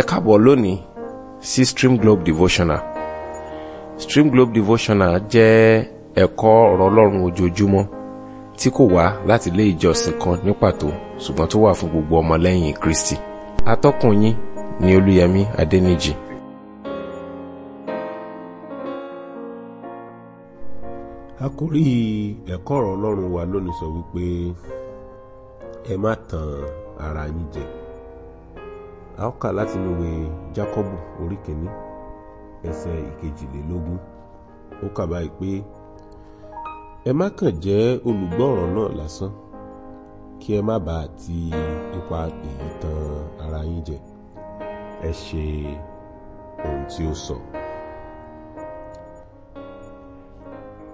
ẹ káàbọ̀ lónìí sí stream globe devotional stream globe devotional jẹ́ ẹ̀kọ́ ọ̀rọ̀ ọlọ́run ojoojúmọ́ tí kò wá láti ilé ìjọsìn kan ní pàtó ṣùgbọ́n tó wà fún gbogbo ọmọlẹ́yìn kristi atọ́kùn yín ni olúyẹmí adẹ́nìjì. àkórí ẹ̀kọ́ ọ̀rọ̀ ọlọ́run wa lónìí sọ wípé ẹ má tan ara yín jẹ a ó kà láti inú ìwé Jákọ́bù orí kìíní ẹsẹ̀ ìkejìlélógún ó kà báyìí pé ẹ má kàn jẹ́ olùgbọ́ ọ̀rọ̀ náà lásán kí ẹ má bàa ti ipa èyí tan ara yín jẹ ẹ ṣe ohun tí ó sọ.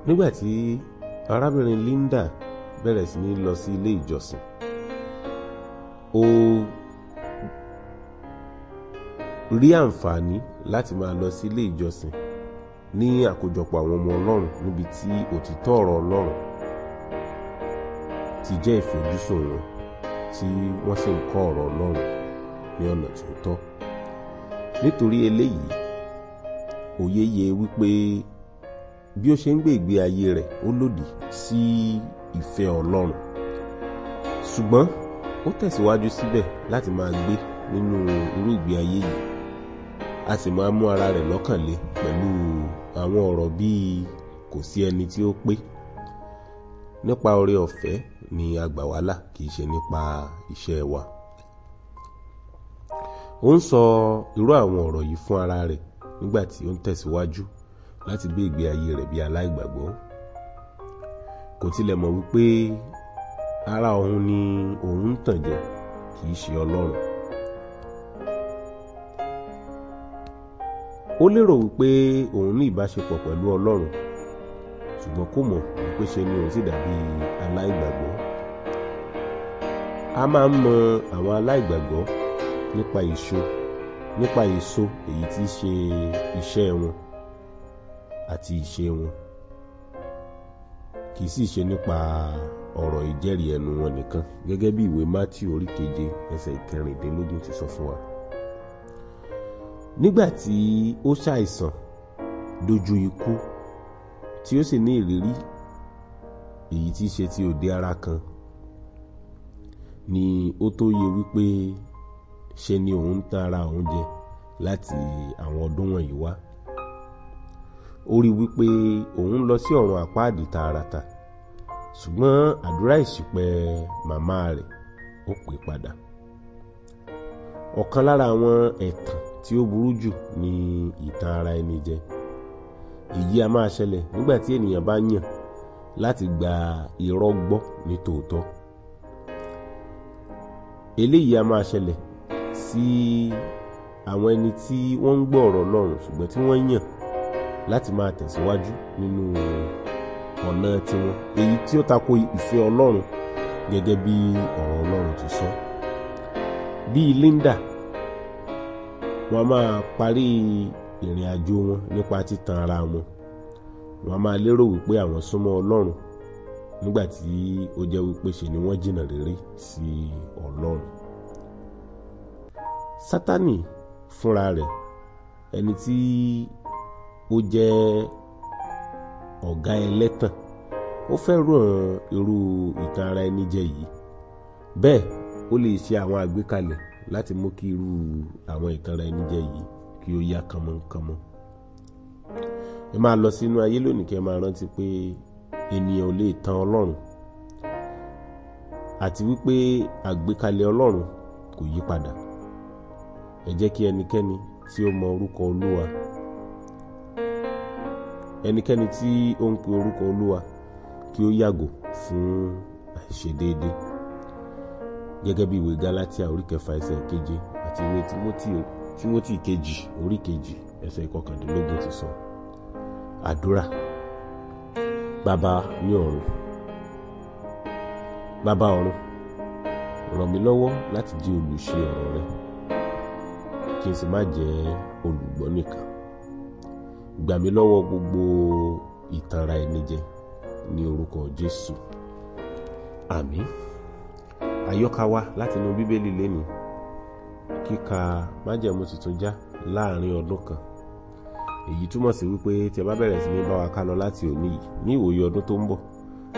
nígbà tí arábìnrin Linda bẹ̀rẹ̀ sí ní lọ sí ilé ìjọsìn ó. Oh, rí àǹfààní láti máa lọ sí ilé ìjọsìn ní àkójọpọ̀ àwọn ọmọ ọlọ́run níbi tí òtítọ́ ọ̀rọ̀ ọlọ́run ti jẹ́ ìfojúsùn wọn tí wọ́n sì ń kọ́ ọ̀rọ̀ ọlọ́run ní ọ̀nà tó tọ́ nítorí eléyìí òye yẹ e wípé bí ó ṣe ń gbé ìgbé ayé rẹ̀ ó lòdì sí ìfẹ́ ọlọ́run ṣùgbọ́n ó tẹ̀síwájú síbẹ̀ láti máa gbé nínú irú ìgbé ayé yìí a sì máa mú ara rẹ̀ lọ́kàn le pẹ̀lú àwọn ọ̀rọ̀ bíi kò sí ẹni tí ó pé nípa oore ọ̀fẹ́ ni a gbà wá là kì í ṣe nípa iṣẹ́ wa ó ń sọ irú àwọn ọ̀rọ̀ yìí fún ara rẹ̀ nígbà tí ó ń tẹ̀síwájú láti gbé ìgbé ayé rẹ̀ bí aláìgbàgbọ́ kò tilẹ̀ mọ̀ wípé ara òun ni òun ń tàn jẹ kì ṣe ọlọ́run ó lérò wípé òun ní ìbáṣepọ̀ pẹ̀lú ọlọ́run ṣùgbọ́n kò mọ̀ wípé ṣe ni òun sì dàbí aláìgbàgbọ́ a máa ń mọ àwọn aláìgbàgbọ́ nípa èso nípa èso èyí tí í ṣe iṣẹ́ wọn àti ìṣe wọn kì í sì ṣe nípa ọ̀rọ̀ ìjẹ́rìí ẹnu wọn nìkan gẹ́gẹ́ bí ìwé Matthew orí keje ẹsẹ̀ ìkẹrìndínlógún ti sọ fún wa nígbà tí ó ṣàìsàn dojú ikú tí ó sì ní ìrírí èyí tí í ṣe ti òde ara kan ni ó tó yẹ wípé ṣe ni òun ń tan ara òun jẹ láti àwọn ọdún wọ̀nyí wá ó rí wípé òun lọ sí ọ̀run àpáàdì tààràtà ṣùgbọ́n àdúrà ìṣìpẹ̀ màmá rẹ̀ ó pè padà ọ̀kan lára àwọn ẹ̀tàn tí ó burú jù ni ìtàn ara ẹni jẹ èyí a máa ṣẹlẹ̀ nígbà tí ènìyàn bá yàn láti gba irọ́ gbọ́ ní tòótọ́ eléyìí a máa ṣẹlẹ̀ sí àwọn ẹni tí wọ́n ń gbọ́ ọ̀rọ̀ Ọlọ́run ṣùgbọ́n tí wọ́n yàn láti máa tẹ̀síwájú nínú ọ̀nà tiwọn èyí tí ó tako ìfẹ́ Ọlọ́run gẹ́gẹ́ bí ọ̀rọ̀ Ọlọ́run ti sọ bíi Linda wọ́n máa parí ìrìn àjò wọn nípa títan ara wọn wọ́n máa lérò wípé àwọn súnmọ́ ọlọ́run nígbàtí ó jẹ́ wípé ṣe ni wọ́n jìnnà réré sí ọlọ́run sátani fúnra rẹ̀ ẹni tí ó jẹ́ ọ̀gá ẹlẹ́tàn ó fẹ́ràn irú ìtàn ara ẹni jẹ yìí bẹ́ẹ̀ ó lè ṣe àwọn àgbékalẹ̀ láti mú kí irú àwọn ìtanra ẹni jẹ yìí kí ó yá kánmọ́kánmọ́ ẹ máa lọ sínú ayé lónìí kí ẹ máa rántí pé ènìyàn ò lè tan ọlọ́run àti wípé àgbékalẹ̀ ọlọ́run kò yí padà ẹ jẹ́ kí ẹnikẹ́ni tí ó mọ orúkọ olúwa ẹnikẹ́ni tí ó ń pe orúkọ olúwa kí ó yàgò fún àìṣedéédéé gẹ́gẹ́ bí ìwé Gálátíà orí kẹfà ẹsẹ̀ keje àti ìwé Tímótì kejì orí kejì ẹsẹ̀ ìkọkàndínlógún ti sọ. àdúrà bàbá ní ọ̀run bàbá ọ̀run ràn mí lọ́wọ́ láti di olùṣe ọ̀rọ̀ rẹ kí n sì má jẹ́ olùgbọ́ nìkan gbà mí lọ́wọ́ gbogbo ìtara ẹni jẹ ní orúkọ Jésù àmín àyọkà wá látinú bíbélì lẹ́nu kíka májẹ̀mú tuntun já láàrin ọdún kan èyí túmọ̀ sí wípé tí ẹ bá bẹ̀rẹ̀ sí ní bá wa ká lọ láti òní yìí ní ìwòye ọdún tó ń bọ̀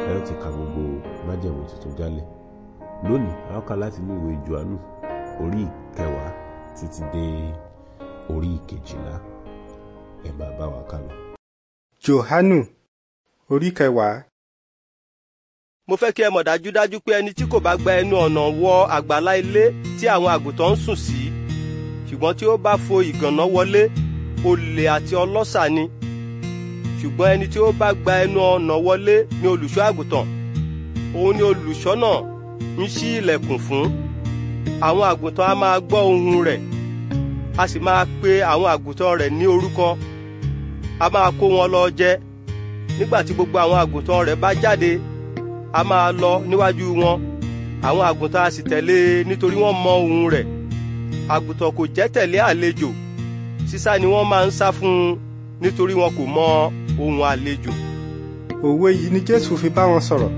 ẹ ó ti ka gbogbo májẹ̀mú tuntun jálẹ̀ lónìí a ó láti ní ìwé Jòhánù orí ìkẹwàá títí dé orí ìkejìlá ẹ máa bá wa ká lọ. Jòhánù orí kẹwàá mo fẹ́ kí ẹ mọ̀ dájúdájú pé ẹni tí kò bá gba ẹnu ọ̀nà wọ àgbàlá ilé tí àwọn àgùntàn ń sùn sí ṣùgbọ́n tí ó bá fo ìgànná wọlé olè àti ọlọ́ṣà ni ṣùgbọ́n ẹni tí ó bá gba ẹnu ọ̀nà wọlé ni olùṣọ́ àgùntàn òun ni olùṣọ́ náà ń ṣí ilẹ̀kùn fún àwọn àgùntàn á máa gbọ́ ohùn rẹ̀ a sì máa pe àwọn àgùntàn rẹ̀ ní orúkọ a máa kó wọn lọ jẹ nígbà tí gbogbo àwọn àgùntàn rẹ̀ bá jáde a máa lọ níwájú wọn àwọn àgùntàn a sì tẹ̀lé e nítorí wọ́n mọ ohùn rẹ̀ àgùntàn kò jẹ́ tẹ̀lé àlejò sísá ni wọ́n máa ń sá fún un nítorí wọn kò mọ ohùn àlejò. òwe yìí ni jésù fi bá wọn sọ̀rọ̀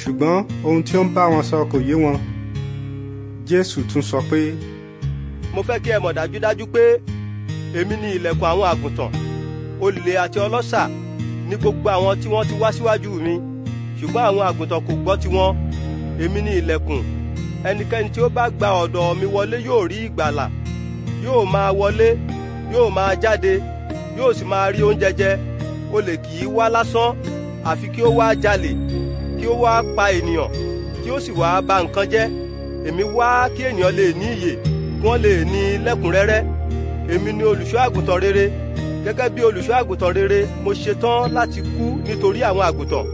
ṣùgbọ́n ohun tí ó ń bá wọn sọ kò yé wọn jésù tún sọ pé. mo fẹ́ kí ẹ mọ̀ dájúdájú pé èmi ni ilẹ̀kùn àwọn àgùntàn olè àti ọlọ́ṣà ni gbogbo àwọn tí wọ́n ti wá síwájú mi. Si ṣùgbọ́n àwọn àgùntàn kò gbọ́ tiwọn èmi ni ilẹ̀kùn ẹnikẹ́ni tí ó bá gba ọ̀dọ̀ mi wọlé yóò rí ìgbàlà yóò máa wọlé yóò máa jáde yóò sì máa rí oúnjẹ jẹ olè kì í wá lásán àfi kí ó wá jalè kí ó wá pa ènìyàn kí ó sì wá bà nǹkan jẹ́ èmi wá kí ènìyàn lè ní ìyè kí wọ́n lè ní lẹ́kùnrẹ́rẹ́ èmi ni olùṣọ́ àgùntàn rere gẹ́gẹ́ bí olùṣọ́ àgùntàn rere mo ṣetán láti kú nítorí àwọn àgùntàn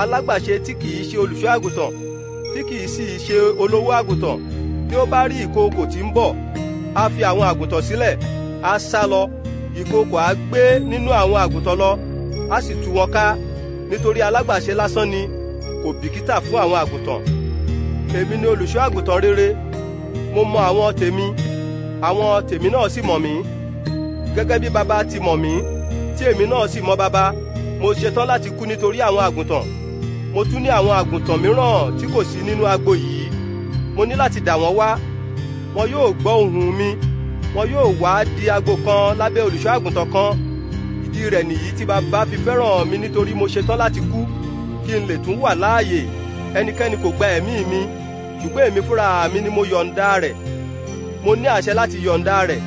alágbàṣe tí kìí ṣe olùṣọ́ àgùntàn tí kìí sì ṣe olówó àgùntàn bí ó bá rí ìkookò tí ń bọ̀ á fi àwọn àgùntàn sílẹ̀ á sá lọ ìkookò á gbé nínú àwọn àgùntàn lọ á sì tú wọn ká nítorí alágbàṣe lásán ni kò bìkítà fún àwọn àgùntàn èmi ni olùṣọ́ àgùntàn rere mo mọ àwọn tèmi àwọn tèmi náà sì mọ̀ mí gẹ́gẹ́ bí baba ti mọ̀ mí tí èmi náà sì mọ baba mo ṣetán láti kú nítorí àwọn àgùntàn mo tún ní àwọn àgùntàn mìíràn tí kò sí nínú agbo yìí mo ní láti dà wọ́n wá wọn yóò gbọ́ ohùn mi wọn yóò wá di agbo kan lábẹ́ olùṣọ́ àgùntàn kan ìdí rẹ̀ nìyí tí bàbá fi fẹ́ràn mi nítorí mo ṣetán láti kú kí n lè tún wà láàyè ẹnikẹ́ni kò gba ẹ̀mí mi ṣùgbọ́n èmi fúnra mi ni mo yọ̀ǹda rẹ̀ mo ní àṣẹ láti yọ̀ǹda rẹ̀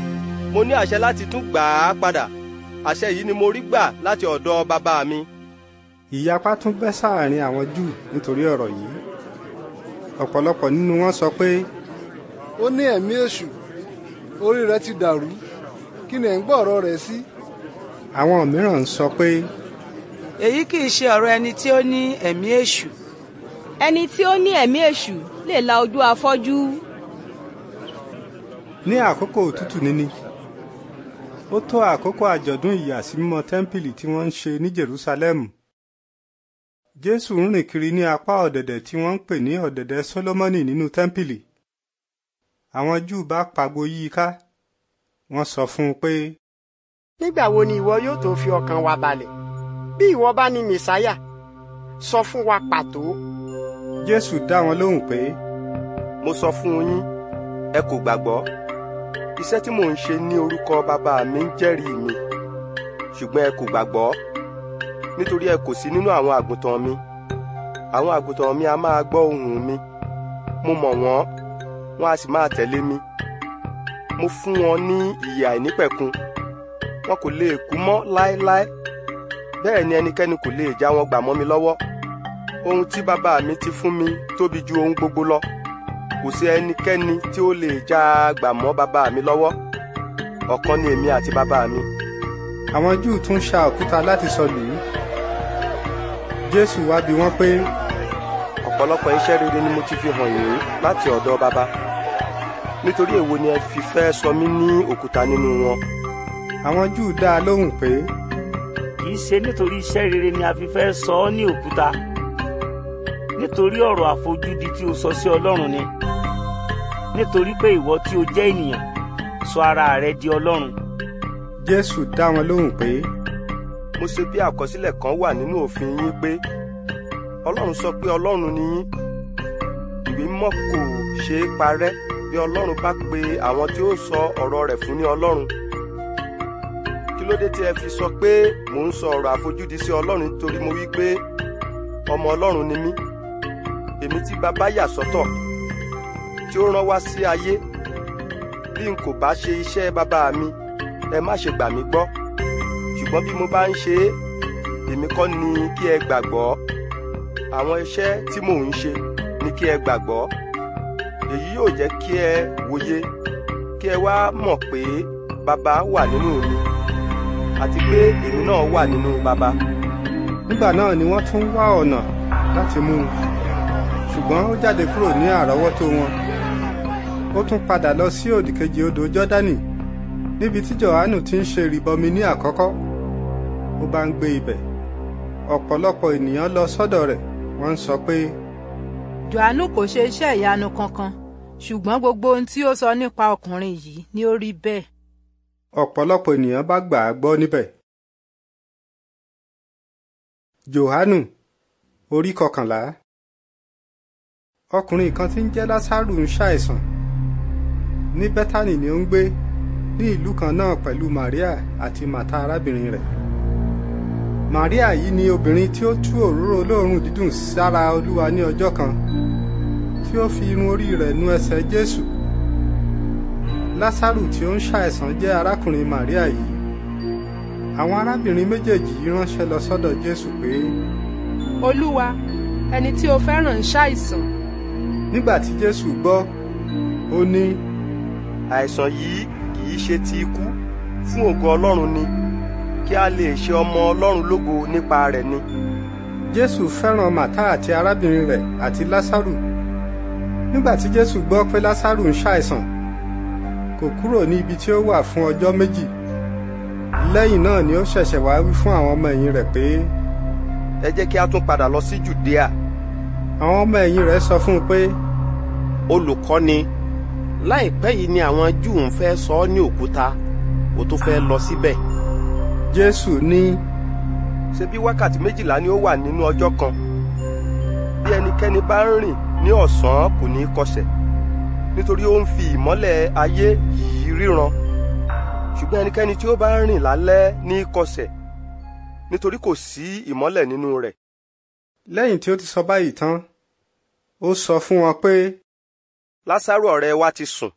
mo ní àṣẹ láti tún gbà á padà àṣẹ yìí ni mo rí gbà láti ọ̀dọ̀ bàbá mi ìyapa tún bẹ́ sáàrin àwọn júù nítorí ọ̀rọ̀ yìí ọ̀pọ̀lọpọ̀ nínú wọn sọ pé. ó ní ẹ̀mí èṣù orí rẹ̀ ti dàrú kí ni ẹ̀ ń gbọ́ ọ̀rọ̀ rẹ̀ sí. àwọn mìíràn sọ pé. èyí kì í ṣe ọ̀rọ̀ ẹni tí ó ní ẹ̀mí èṣù. ẹni tí ó ní ẹ̀mí èṣù lè la ojú afọ́jú. ní àkókò òtútù níní ó tó àkókò àjọ̀dún ìyàsímímọ́ tẹ́ḿpìlì tí wọ́n ń ṣe ní Jerúsálẹ́mù Jésù ń rìn kiri ní apá ọ̀dẹ̀dẹ̀ tí wọ́n ń pè ní ọ̀dẹ̀dẹ̀ Sólómọ́nì nínú tẹ́ḿpìlì. Àwọn Júù bá pagbo yí i ká. Wọ́n sọ fún un pé. Nígbà wo ni ìwọ yóò tó fi ọkàn wa balẹ̀? Bí ìwọ bá ní Mèsáyà, sọ fún wa pàtó. Jésù dá wọn lóhùn pé. Mo sọ fún yín, ẹ kò gbàgbọ́. Iṣẹ́ tí mò ń ṣe ní orúkọ bàbá mi ń jẹ́rìí mi, ṣùgbọ́n ẹ kò gbàgbọ́ nítorí ẹ kò sí nínú àwọn àgùntàn mi àwọn àgùntàn mi a máa gbọ́ ohùn mi mo mọ̀ wọ́n wọ́n a sì máa tẹ̀lé mi mo fún wọn ní ìyè àìnípẹ̀kun wọn kò lè kú mọ́ láéláé bẹ́ẹ̀ ni ẹnikẹ́ni kò lè já wọn gbà mọ́ mi lọ́wọ́ ohun tí bàbá mi ti fún mi tóbi ju ohun gbogbo lọ kò sí ẹnikẹ́ni tí ó lè já gbà mọ́ bàbá mi lọ́wọ́ ọ̀kan ni èmi àti bàbá mi. àwọn júù tún ṣa òkúta láti sọ lùú jésù wá bi wọ́n pé. ọ̀pọ̀lọpọ̀ iṣẹ́ rere ni mo ti fi hàn yín láti ọ̀dọ̀ bàbá nítorí èwo ni ẹ fi fẹ́ sọ mí ní òkúta nínú wọn. àwọn júù dá a lóhùn pé. kì í ṣe nítorí iṣẹ́ rere ni a fi fẹ́ sọ ọ́ ní òkúta nítorí ọ̀rọ̀ àfojúdi tí o sọ sí ọlọ́run ni nítorí pé ìwọ tí o jẹ́ ènìyàn sọ ara rẹ di ọlọ́run. jésù dá wọn lóhùn pé mo ṣe bí àkọsílẹ̀ kan wà nínú òfin yín pé ọlọ́run sọ pé ọlọ́run ni yín ìwé mọ́ kò ṣeé parẹ́ bí ọlọ́run bá pe àwọn tí ó sọ ọ̀rọ̀ rẹ̀ fún ní ọlọ́run kí ló dé tí ẹ fi sọ pé mò ń sọ ọ̀rọ̀ àfojúdi sí ọlọ́run nítorí mo wí pé ọmọ ọlọ́run ni mí èmi tí bàbá yà sọ́tọ̀ tí ó rán wá sí ayé bí n kò bá ṣe iṣẹ́ bàbá mi ẹ má ṣe gbà mí gbọ́ ṣùgbọ́n bí mo bá ń ṣe é èmi kọ́ ni kí ẹ gbàgbọ́ àwọn iṣẹ́ tí mò ń ṣe ni kí ẹ gbàgbọ́ èyí yóò jẹ́ kí ẹ wòye kí ẹ wá mọ̀ pé bàbá wà nínú mi àti pé èmi náà wà nínú bàbá. nígbà náà ni wọ́n tún wá ọ̀nà láti mú un ṣùgbọ́n ó jáde kúrò ní àrọ́wọ́tó wọn ó tún padà lọ sí òdìkejì odò jọ́dánì níbi tí jòhánù ti ń ṣe rìbọmi ní àkọ́kọ́ ó bá ń gbé ibẹ̀ ọ̀pọ̀lọpọ̀ ènìyàn lọ sọ́dọ̀ rẹ̀ wọ́n ń sọ pé. Jòhánù kò ṣe iṣẹ́ ìyanu kankan ṣùgbọ́n gbogbo ohun tí ó sọ nípa ọkùnrin yìí ni ó rí bẹ́ẹ̀. ọ̀pọ̀lọpọ̀ ènìyàn bá gbà á gbọ́ níbẹ̀. Jòhánù orí kọkànlá ọkùnrin kan tí ń jẹ́ Lásárù ń ṣàìsàn ní Bẹ́tánì ni ó ń gbé ní ìlú kan náà pẹ̀lú Màríà àti Màtá arábìnrin rẹ̀ Maria, yìí ni obìnrin tí ó tú òróró olóòórùn dídùn sára Olúwa ní ọjọ́ kan tí ó fi irun orí rẹ̀ nu ẹsẹ̀ Jésù Lásárù tí ó ń ṣàìsàn jẹ́ arákùnrin Màríà yìí àwọn arábìnrin méjèèjì yìí ránṣẹ́ lọ sọ́dọ̀ Jésù pé. Olúwa ẹni tí o fẹ́ràn ń ṣàìsàn. nígbà tí Jésù gbọ́ ó ní. àìsàn yìí kì í ṣe ti ikú fún ògo Ọlọ́run ni kí a lè ṣe ọmọ Ọlọ́run lógo nípa rẹ̀ ni. Jésù fẹ́ràn Màtá àti arábìnrin rẹ̀ àti Lásárù nígbà tí Jésù gbọ́ pé Lásárù ń ṣàìsàn kò kúrò ní ibi tí ó wà fún ọjọ́ méjì lẹ́yìn náà ni ó ṣẹ̀ṣẹ̀ wá wí fún àwọn ọmọ ẹ̀yìn rẹ̀ pé. ẹ jẹ́ kí a tún padà lọ sí Jùdíà. àwọn ọmọ ẹ̀yìn rẹ̀ sọ fún un pé. olùkọ́ni láìpẹ́ yìí ni àwọn Júù ń fẹ́ sọ ọ́ ní òkúta ó tún fẹ́ lọ síbẹ̀ jésù ní. ṣe bí wákàtí méjìlá ni ó wà nínú ọjọ́ kan bí ẹnikẹ́ni bá ń rìn ní ọ̀sán kò ní í kọsẹ̀ nítorí ó ń fi ìmọ́lẹ̀ ayé yìí ríran ṣùgbọ́n ẹnikẹ́ni tí ó bá ń rìn lálẹ́ ní í kọsẹ̀ nítorí kò sí ìmọ́lẹ̀ nínú rẹ̀. lẹ́yìn tí ó ti sọ báyìí tán ó sọ fún wọn pé. lásàrò ọ̀rẹ́ wa ti sùn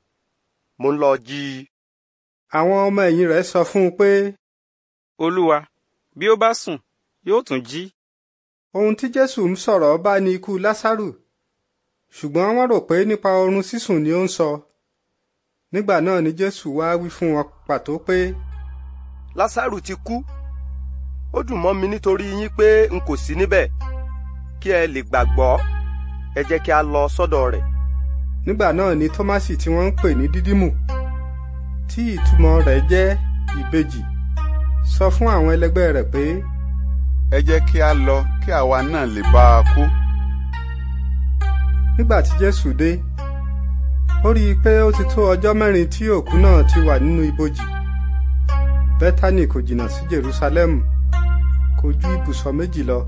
mo ń lọ jí i. àwọn ọmọ ẹ̀yìn rẹ̀ sọ fún un pé olúwa bí ó bá sùn yóò tún jí. ohun tí jésù ń sọ̀rọ̀ bá ní ikú lásàrù ṣùgbọ́n wọ́n rò pé nípa oorun sísùn ni ó ń sọ nígbà náà ni jésù wá wí fún wọn pàtó pé. lásàrù ti kú ó dùn mọ́ mi nítorí yín pé n kò sí níbẹ̀ kí ẹ lè gbàgbọ́ ẹ jẹ́ kí a lọ sọ́dọ̀ rẹ̀. nígbà náà ni tọ́másì tí wọ́n ń pè ní dídímù tí ìtumọ̀ rẹ̀ jẹ́ ìbejì sọ fún àwọn ẹlẹgbẹ́ rẹ̀ pé. ẹ jẹ́ kí a lọ kí àwa náà lè bá a kú. nígbà tí jésù dé ó rí i pé ó ti tó ọjọ́ mẹ́rin tí òkú náà ti wà nínú ibojì bẹ́tánì kò jìnnà sí jerusalem kò ju ibùsọ̀ méjì lọ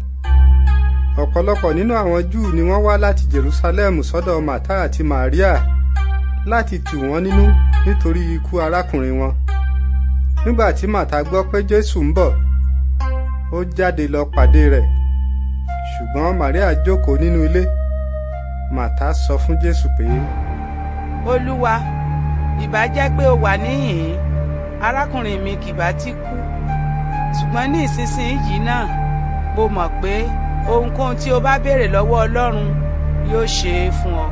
ọ̀pọ̀lọpọ̀ nínú àwọn júù ni wọ́n wá láti jerusalem sọ́dọ̀ màtá àti màríà láti tù wọ́n nínú nítorí ikú arákùnrin wọn nígbà tí màtá gbọ́ pé jésù ń bọ̀ ó jáde lọ pàdé rẹ̀ ṣùgbọ́n maria jókòó nínú ilé màtá sọ fún jésù pé. olúwa ìbá jẹ́ pé o wà níhìn-ín arákùnrin mi kì bá ti kú ṣùgbọ́n ní ìsinsìnyí yìí náà mo mọ̀ pé ohunkóhun tí o bá béèrè lọ́wọ́ ọlọ́run yóò ṣe é fún ọ.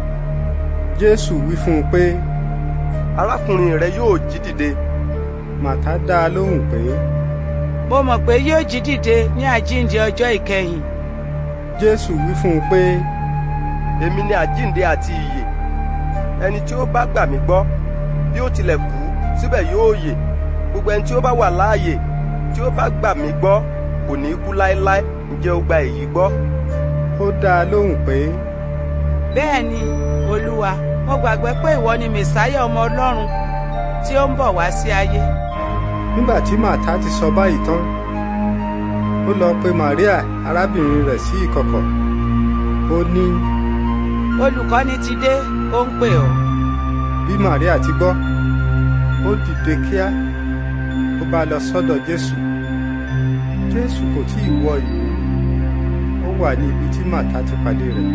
jésù wí fún un pé. arákùnrin rẹ yóò jí dìde. màtá dá a lóhùn pé. mo mọ̀ pé yóò jí dìde ní àjíǹde ọjọ́ ìkẹyìn. jésù wí fún un pé. èmi ni àjíǹde àti ìyè ẹni tí ó bá gbà mí gbọ́ bí ó tilẹ̀ kú síbẹ̀ yóò yè gbogbo ẹni tí ó bá wà láàyè tí ó bá gbà mí gbọ́ kò ní kú láéláé ǹjẹ́ o gba èyí gbọ́. ó dá a lóhùn pé. bẹ́ẹ̀ ni olúwa mo gbàgbé pé ìwọ ni mẹ̀sáyà ọmọ ọlọ́run tí ó ń bọ̀ wá sí ayé. nígbà tí màtá ti sọ báyìí tán ó lọ pe maria arábìnrin rẹ̀ sí ìkọ̀kọ̀ ó ní. olùkọ́ni ti dé ó ń pè ọ́. bí maria ti gbọ́ ó dìde kíá ó bá lọ sọ́dọ̀ jésù jésù kò tí ì wọ ìlú ó wà ní ibi tí màtá ti pàdé rẹ̀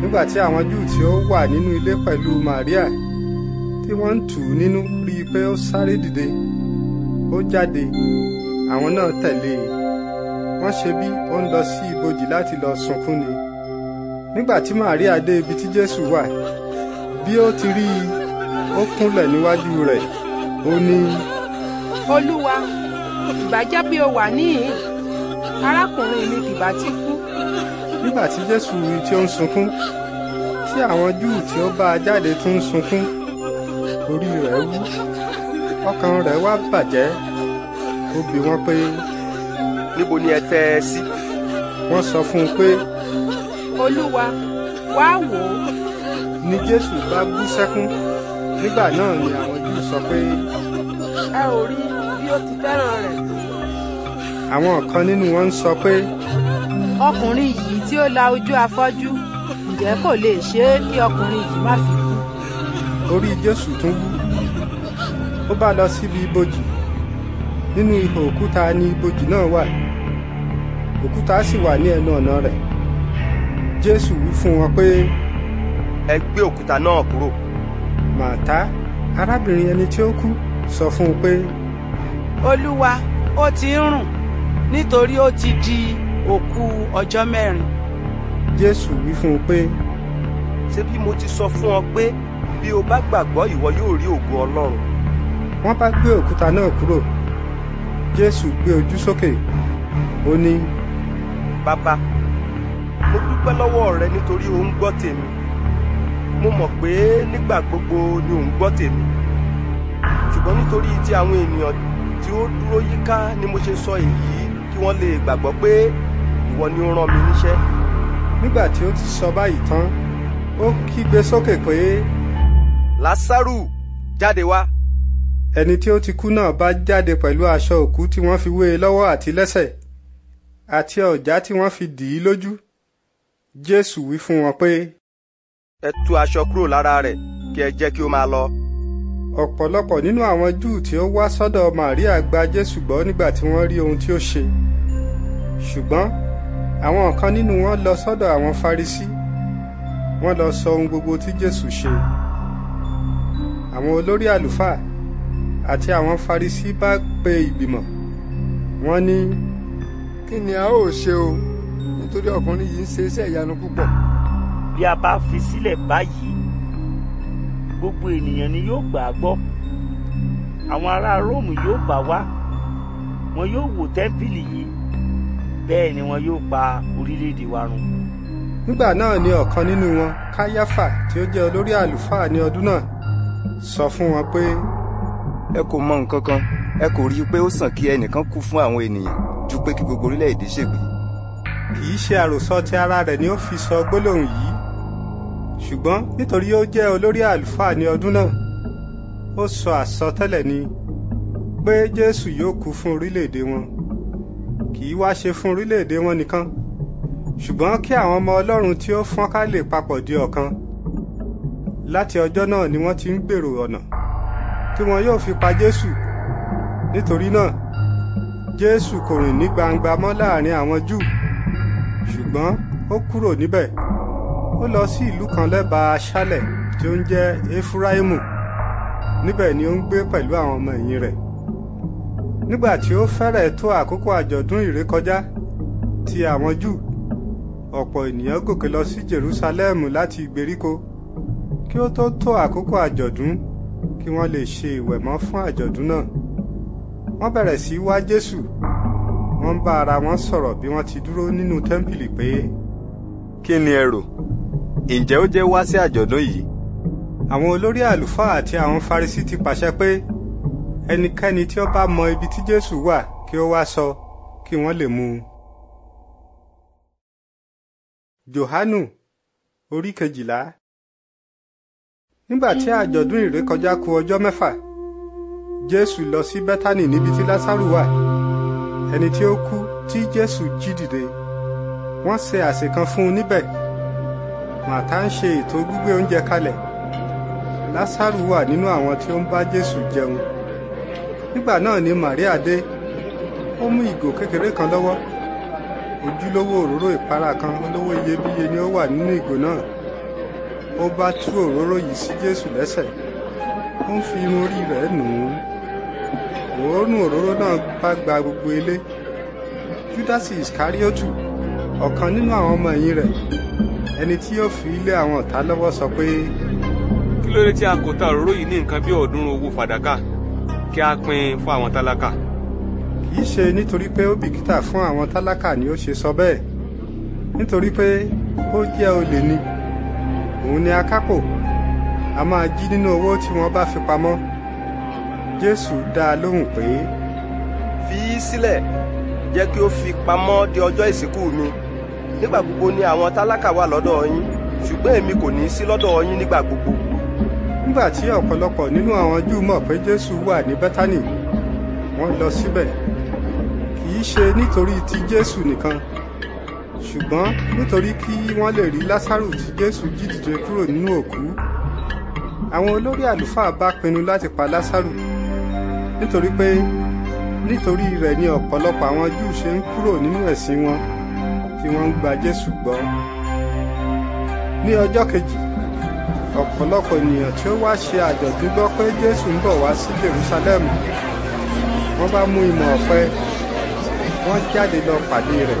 nígbà àwọn júù tí ó wà nínú ilé pẹ̀lú maria tí wọ́n ń tù ú nínú rí i pé ó sáré dìde ó jáde àwọn náà tẹ̀lé e wọ́n ṣe bí ó ń lọ sí ibojì láti lọ sunkún ni nígbà tí Màríà dé ibi tí Jésù wà bí ó ti rí i ó kúnlẹ̀ níwájú rẹ̀ ó ní. Olúwa ìbá jẹ́ bí o wà níhìn arákùnrin mi kìbá ti kú. nígbà tí Jésù rí tí ó ń sunkún tí àwọn Júù tí ó bá a jáde tún ń sunkún orí rẹ̀ wú ọkàn rẹ̀ wá bàjẹ́ ó bi wọ́n pé. níbo ni ẹ tẹ́ ẹ sí. wọ́n sọ fún un pé. olúwa wá wò ó. ni jésù bá bú sẹ́kún nígbà náà ni àwọn júù sọ pé. ẹ ò rí bí ó ti fẹ́ràn rẹ̀ tó. àwọn kan nínú wọn ń sọ pé. ọkùnrin yìí tí ó la ojú afọ́jú ǹjẹ́ kò lè ṣe é kí ọkùnrin yìí má fi kú. orí jésù tún wú ó bá lọ síbi ibojì nínú ihò òkúta ni ibojì náà wà òkúta sì wà ní ẹnu ọ̀nà rẹ̀ jésù wí fún wọn pé. ẹ gbé òkúta náà kúrò. màtá arábìnrin ẹni tí ó kú sọ fún un pé. olúwa ó ti ń rùn nítorí ó ti di òkú ọjọ́ mẹ́rin. jésù wí fún un pé. ṣé bí mo ti sọ fún ọ pé bí o bá gbàgbọ́ ìwọ yóò rí ògo ọlọ́run wọ́n bá gbé òkúta náà kúrò jésù gbé ojú sókè ó ní. bàbá mo dúpẹ́ lọ́wọ́ rẹ nítorí ò ń gbọ́ tèmi mo mọ̀ pé nígbà gbogbo ni ò ń gbọ́ tèmi ṣùgbọ́n nítorí ti àwọn ènìyàn tí ó dúró yíká ni mo ṣe sọ èyí kí wọ́n lè gbàgbọ́ pé ìwọ ni ó rán mi níṣẹ́. nígbà tí ó ti sọ báyìí tán ó kígbe sókè pé. lásárù jáde wá ẹni tí ó ti kú náà bá jáde pẹ̀lú aṣọ òkú tí wọ́n fi wé e lọ́wọ́ àti lẹ́sẹ̀ àti ọ̀já tí wọ́n fi dì í lójú Jésù wí fún wọn pé. ẹ tú aṣọ kúrò lára rẹ̀ kí ẹ jẹ́ kí ó máa lọ. ọ̀pọ̀lọpọ̀ nínú àwọn Júù tí ó wá sọ́dọ̀ Màríà gba Jésù gbọ́ nígbà tí wọ́n rí ohun tí ó ṣe ṣùgbọ́n àwọn kan nínú wọn lọ sọ́dọ̀ àwọn Farisí wọ́n lọ sọ ohun gbogbo tí Jésù ṣe àwọn olórí àlùfáà àti àwọn Farisí bá pe ìgbìmọ̀ wọ́n ní. kí ni a ó ṣe o nítorí ọkùnrin yìí ń ṣe iṣẹ́ ìyanu púpọ̀. bí a bá fi sílẹ̀ báyìí gbogbo ènìyàn ni yóò gbà á gbọ́ àwọn ará Róòmù yóò bá wá wọn yóò wó tẹ́ḿpìlì yìí bẹ́ẹ̀ ni wọn yóò pa orílẹ̀-èdè wa run. nígbà náà ni ọ̀kan nínú wọn Káyáfà tí ó jẹ́ olórí àlùfáà ní ọdún náà sọ fún wọn pé ẹ kò mọ nǹkan kan ẹ kò rí i pé ó sàn kí ẹnìkan kú fún àwọn ènìyàn ju pé kí gbogbo orílẹ̀-èdè ṣègbé. kì í ṣe àròsọ ti ara rẹ̀ ni ó fi sọ gbólóhùn yìí ṣùgbọ́n nítorí ó jẹ́ olórí àlùfáà ní ọdún náà ó sọ àsọtẹ́lẹ̀ ni pé jésù yóò kú fún orílẹ̀-èdè wọn kì í wá ṣe fún orílẹ̀-èdè wọn nìkan ṣùgbọ́n kí àwọn ọmọ ọlọ́run tí ó fọ́nká lè papọ̀ di ọ̀kan láti ọjọ́ náà ni wọ́n ti ń gbèrò ọ̀nà tí wọn yóò fi pa Jésù nítorí náà Jésù kò rìn ní gbangba mọ́ láàrin àwọn Júù ṣùgbọ́n ó kúrò níbẹ̀ ó lọ sí ìlú kan lẹ́bàá aṣálẹ̀ tí ó ń jẹ́ Éfúráímù níbẹ̀ ni ó ń gbé pẹ̀lú àwọn ọmọ ẹ̀yìn rẹ̀ nígbà tí ó fẹ́rẹ̀ tó àkókò àjọ̀dún ìrékọjá ti àwọn Júù ọ̀pọ̀ ènìyàn gòkè lọ sí Jerúsálẹ́mù láti ìgbèríko kí ó tó tó àkókò àjọ̀dún kí wọ́n lè ṣe ìwẹ̀mọ́ fún àjọ̀dún náà wọ́n bẹ̀rẹ̀ sí í wá Jésù wọ́n ń bá ara wọn sọ̀rọ̀ bí wọ́n ti dúró nínú tẹ́ḿpìlì pé. kí ni ẹ rò ǹjẹ́ ó jẹ́ wá sí àjọ̀dún yìí. àwọn olórí àlùfáà àti àwọn Farisí ti pàṣẹ pé ẹnikẹ́ni tí ó bá mọ ibi tí Jésù wà kí ó wá sọ kí wọ́n lè mú un. Jòhánù orí kejìlá nígbà tí àjọ̀dún ìrékọjá ku ọjọ́ mẹ́fà jésù lọ sí bẹ́tánì níbi tí lásàrù wà ẹni tí ó kú tí jésù jí dìde wọ́n ṣe àsè kan fún un níbẹ̀ màtá ń ṣe ètò gbígbé oúnjẹ kalẹ̀ lásàrù wà nínú àwọn tí ó ń bá jésù jẹun nígbà náà ni màríà dé ó mú ìgò kékeré kan lọ́wọ́ ojúlówó òróró ìpara kan olówó iyebíye ni ó wà nínú ìgò náà ó bá tú òróró yìí sí jésù lẹ́sẹ̀ ó ń fi irun orí rẹ̀ nù ún òórùn òróró náà bá gba gbogbo ilé júdásì ìskáríótù ọ̀kan nínú àwọn ọmọ ẹ̀yìn rẹ̀ ẹni tí yóò fi ilé àwọn ọ̀tá lọ́wọ́ sọ pé. kí ló dé tí a kò ta òróró yìí ní nǹkan bí ọ̀ọ́dúnrún owó fàdákà kí a pín fún àwọn tálákà. kì í ṣe nítorí pé ó bìkítà fún àwọn tálákà ni ó ṣe sọ bẹ́ẹ̀ nítorí pé ó jẹ́ olè ni òun ni akápò a máa jí nínú owó tí wọ́n bá fi pamọ́ jésù dá a lóhùn pé. fi í sílẹ̀ jẹ́ kí ó fi pamọ́ di ọjọ́ ìsìnkú mi nígbà gbogbo ni àwọn tálákà wà lọ́dọ̀ yín ṣùgbọ́n èmi kò ní í sí lọ́dọ̀ yín nígbà gbogbo. nígbà tí ọ̀pọ̀lọpọ̀ nínú àwọn júù mọ̀ pé jésù wà ní bẹ́tánì wọ́n lọ síbẹ̀ kì í ṣe nítorí ti jésù nìkan ṣùgbọ́n nítorí kí wọ́n lè rí lásàrù tí jésù jí dìde kúrò nínú òkú àwọn olórí àlùfáà bá pinnu láti pa lásàrù nítorí pé nítorí rẹ̀ ni ọ̀pọ̀lọpọ̀ àwọn júù ṣe ń kúrò nínú ẹ̀sìn wọn tí wọ́n ń gba jésù gbọ́ ní ọjọ́ kejì ọ̀pọ̀lọpọ̀ ènìyàn tí ó wá ṣe àjọ̀dún gbọ́ pé jésù ń bọ̀ wá sí jerúsálẹ́mù wọ́n bá mú ìmọ̀ ọ̀pẹ wọ́n jáde lọ pàdé rẹ̀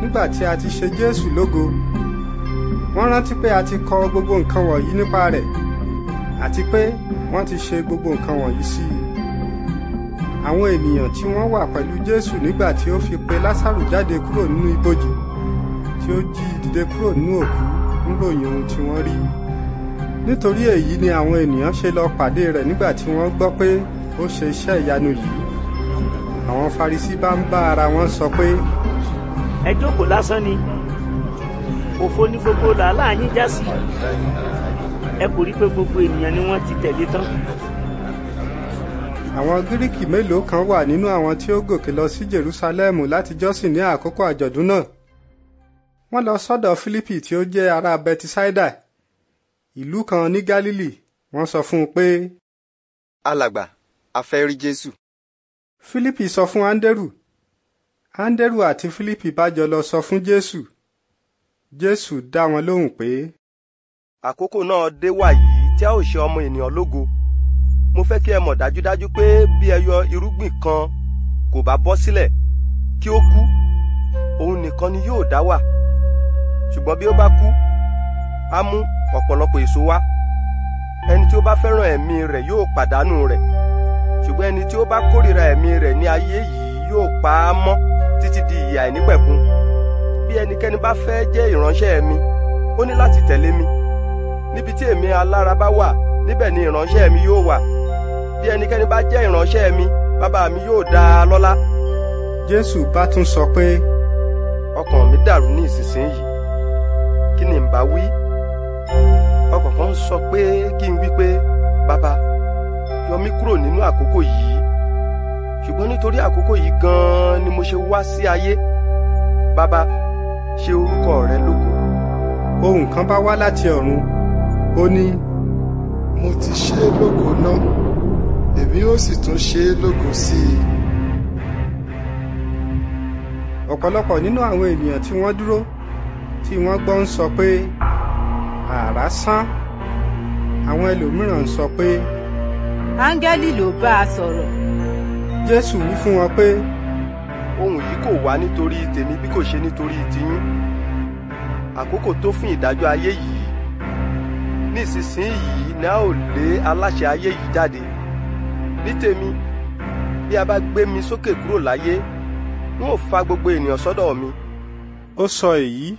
nígbà tí a ti ṣe Jésù lógo wọ́n rántí pé a ti kọ gbogbo nǹkan wọ̀nyí nípa rẹ̀ àti pé wọ́n ti ṣe gbogbo nǹkan wọ̀nyí sí i àwọn ènìyàn tí wọ́n wà pẹ̀lú Jésù nígbà tí ó fi pe Lásárù jáde kúrò nínú ibojì tí ó jí dìde kúrò nínú òkú ń ròyìn ohun tí wọ́n rí nítorí èyí ni àwọn ènìyàn ṣe lọ pàdé rẹ̀ nígbà tí wọ́n gbọ́ pé ó ṣe iṣẹ́ ìyanu yìí àwọn Farisí bá ń bá ara wọn sọ pé ẹ jókòó lásán ni òfo ní gbogbo làálà yín já sí ẹ kò rí pé gbogbo ènìyàn ni wọ́n ti tẹ̀lé tán. àwọn gíríkì mélòó kan wà nínú àwọn tí ó gòkè lọ sí jerúsálẹ́mù láti jọ́sìn ní àkókò àjọ̀dún náà wọ́n lọ sọ́dọ̀ fílípì tí ó jẹ́ ará bẹtisáídà ìlú kan ní gálílì wọ́n sọ fún un pé. alàgbà a fẹ́ rí jésù. fílípì sọ fún áńdérù áńdérù àti fílípì bá jọ lọ sọ fún jésù jésù dá wọn lóhùn pé. àkókò náà dé wàyí tí a ó ṣe ọmọ ènìyàn lógo mo fẹ́ kí ẹ mọ̀ dájúdájú pé bí ẹ yọ irúgbìn kan kò bá bọ́ sílẹ̀ kí ó kú òun nìkan ni yóò dá wà ṣùgbọ́n bí ó bá kú á mú ọ̀pọ̀lọpọ̀ èso wá ẹni tí ó bá fẹ́ràn ẹ̀mí rẹ̀ yóò pàdánù rẹ̀ ṣùgbọ́n ẹni tí ó bá kórìíra ẹ̀mí rẹ̀ ní ayé yìí yóò pa á mọ́ títí di ìyè àìnípẹ̀kun bí ẹnikẹ́ni bá fẹ́ jẹ́ ìránṣẹ́ mi ó ní láti tẹ̀lé mi níbi tí èmi alára bá wà níbẹ̀ ni ìránṣẹ́ mi yóò wà bí ẹnikẹ́ni bá jẹ́ ìránṣẹ́ mi bàbá mi yóò dá a lọ́lá. jésù bá tún sọ pé. ọkàn mi dàrú ní ìsinsìnyí kí ni n bá wí ọkàn kan sọ pé kí n wí pé bàbá yọ mí kúrò nínú àkókò yìí ṣùgbọ́n nítorí àkókò yìí gan-an ni mo ṣe wá sí ayé bàbá ṣe orúkọ rẹ lógo. ohun kan bá wá láti ọ̀run ó ní. mo ti ṣe é lógo náà èmi ó sì tún ṣe é lógo sí i. ọ̀pọ̀lọpọ̀ nínú àwọn ènìyàn tí wọ́n dúró tí wọ́n gbọ́ ń sọ pé àrá sán àwọn ẹlòmíràn ń sọ pé. áńgẹ́lì ló bá a sọ̀rọ̀ jésù wí fún wọn pé ohun yìí kò wá nítorí tèmi bí kò ṣe nítorí tiyín àkókò tó fún ìdájọ́ ayé yìí nísinsìnyí ni a ó lé aláṣẹ ayé yìí jáde ní tèmi bí a bá gbé mi sókè kúrò láyé n ó fa gbogbo ènìyàn sọ́dọ̀ mi. ó sọ èyí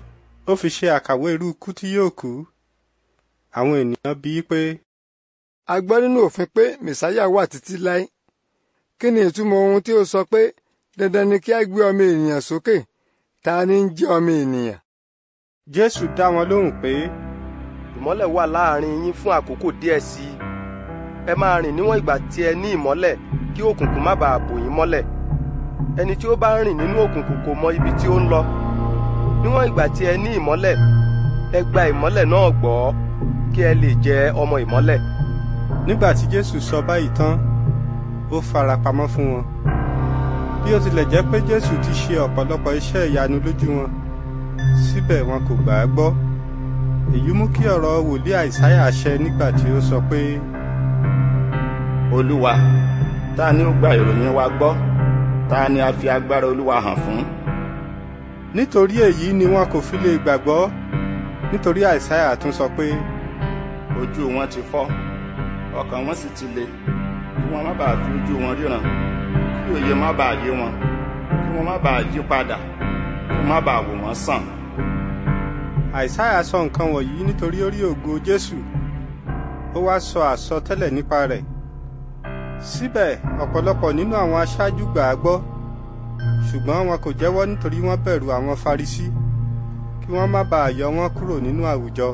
ó fi ṣe àkàwé irú ikú tí yóò kú àwọn ènìyàn bíi pé. a gbọ́ nínú òfin pé mẹ̀sáyà wà títí láé kí ni ìtumọ̀ ohun tí ó sọ pé dandan ni kí a gbé ọmọ ènìyàn sókè ta ni ń jẹ́ ọmọ ènìyàn. jésù dá wọn lóhùn pé ìmọ́lẹ̀ wà láàrin yín fún àkókò díẹ̀ sí i ẹ máa rìn níwọ̀n ìgbà tí ẹ ní ìmọ́lẹ̀ kí òkùnkùn má bàa bò yín mọ́lẹ̀ ẹni tí ó bá rìn nínú òkùnkùn kò mọ ibi tí ó ń lọ níwọ̀n ìgbà tí ẹ ní ìmọ́lẹ̀ ẹ gba ìmọ́lẹ̀ náà gbọ́ kí ẹ lè jẹ́ ọmọ ìmọ́lẹ̀. nígbà tí jésù sọ báyìí tán ó farapamọ́ fún wọn bí ó tilẹ̀ jẹ́ pé jésù ti ṣe ọ̀pọ̀lọpọ̀ iṣẹ́ ìyanu lójú wọn síbẹ̀ wọn kò gbà á gbọ́ èyí mú kí ọ̀rọ̀ wòlíì àìsáyà ṣẹ nígbà tí ó sọ pé. olúwa ta ni ó gba ìròyìn wa gbọ́ ta ni a fi agbára olúwa hàn fún. nítorí èyí ni wọn kò fi lè gbàgbọ́ nítorí àìsáyà tún sọ pé. ojú wọn ti fọ́ ọkàn wọn sì ti le kí wọ́n má bàa fi ojú wọn ríran kí òye má bàa yé wọn kí wọ́n má bàa yí padà kí wọ́n má bàa wò wọ́n sàn. àìsáyà sọ nǹkan wọ̀nyí nítorí ó rí ògo jésù ó wá sọ àsọtẹ́lẹ̀ nípa rẹ̀ síbẹ̀ ọ̀pọ̀lọpọ̀ nínú àwọn aṣáájú gbà á gbọ́ ṣùgbọ́n wọn kò jẹ́wọ́ nítorí wọ́n bẹ̀rù àwọn farisí kí wọ́n má bàa yọ wọ́n kúrò nínú àwùjọ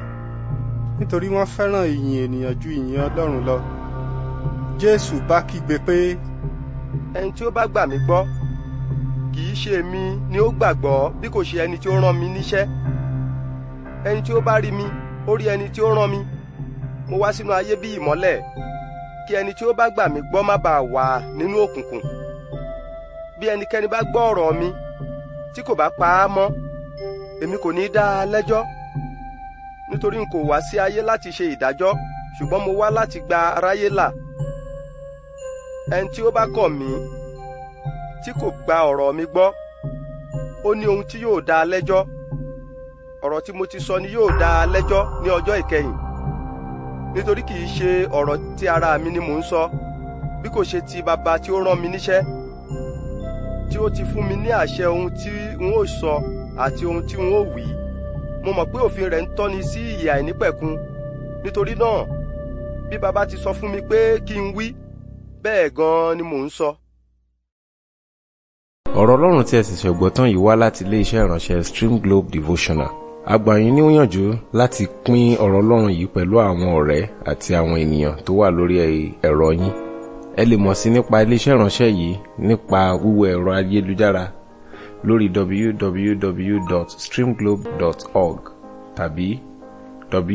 nítorí wọ́n fẹ́ràn ìyìn ènìyàn ju ìyìn ọlọ́run lọ jésù bá kígbe pé. ẹni tí ó bá gbà mí gbọ́ kì í ṣe èmi ni ó gbàgbọ́ bí kò ṣe ẹni tí ó rán mi níṣẹ́ ẹni tí ó bá rí mi ó rí ẹni tí ó rán mi mo wá sínú ayé bí ìmọ́lẹ̀ kí ẹni tí ó bá gbà mí gbọ́ má bàa wà nínú òkùnkùn bí ẹnikẹ́ni bá gbọ́ ọ̀rọ̀ mi tí kò bá pa á mọ́ èmi kò ní í dá a lẹ́jọ́ nítorí n kò wá sí ayé láti ṣe ìdájọ́ ṣùgbọ́n mo wá láti gba aráyé là. La ẹni tí ó bá kọ̀ mí tí kò gba ọ̀rọ̀ mi gbọ́ ó ní ohun tí yóò dá a lẹ́jọ́ ọ̀rọ̀ tí mo ti sọ ni yóò dá a lẹ́jọ́ ní ọjọ́ ìkẹyìn nítorí kì í ṣe ọ̀rọ̀ ti ara mi ni mò ń sọ bí kò ṣe ti bàbá tí ó rán mi níṣẹ́ tí ó ti fún mi ní àṣẹ ohun tí n ó sọ àti ohun tí n ó wí mo mọ̀ pé òfin rẹ̀ ń tọ́ni sí ìyè àìnípẹ̀kun nítorí náà bí bàbá ti sọ fún mi pé kí n wí bẹ́ẹ̀ gan-an ni mò ń sọ. ọ̀rọ̀ ọlọ́run tí ẹ sì ṣẹ̀gbọ́ tán yìí wá láti iléeṣẹ́ ìránṣẹ́ Stream Globe Devotional agbanyin ni ó yànjú láti pín ọ̀rọ̀ ọlọ́run yìí pẹ̀lú àwọn ọ̀rẹ́ àti àwọn ènìyàn tó wà lórí ẹ̀rọ yín ẹ lè mọ̀ sí nípa iléeṣẹ́ ìránṣẹ́ yìí nípa wíwọ ẹ̀rọ ayélujára lórí www.streamglobe.org tàbí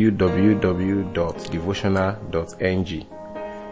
www.devotional.ng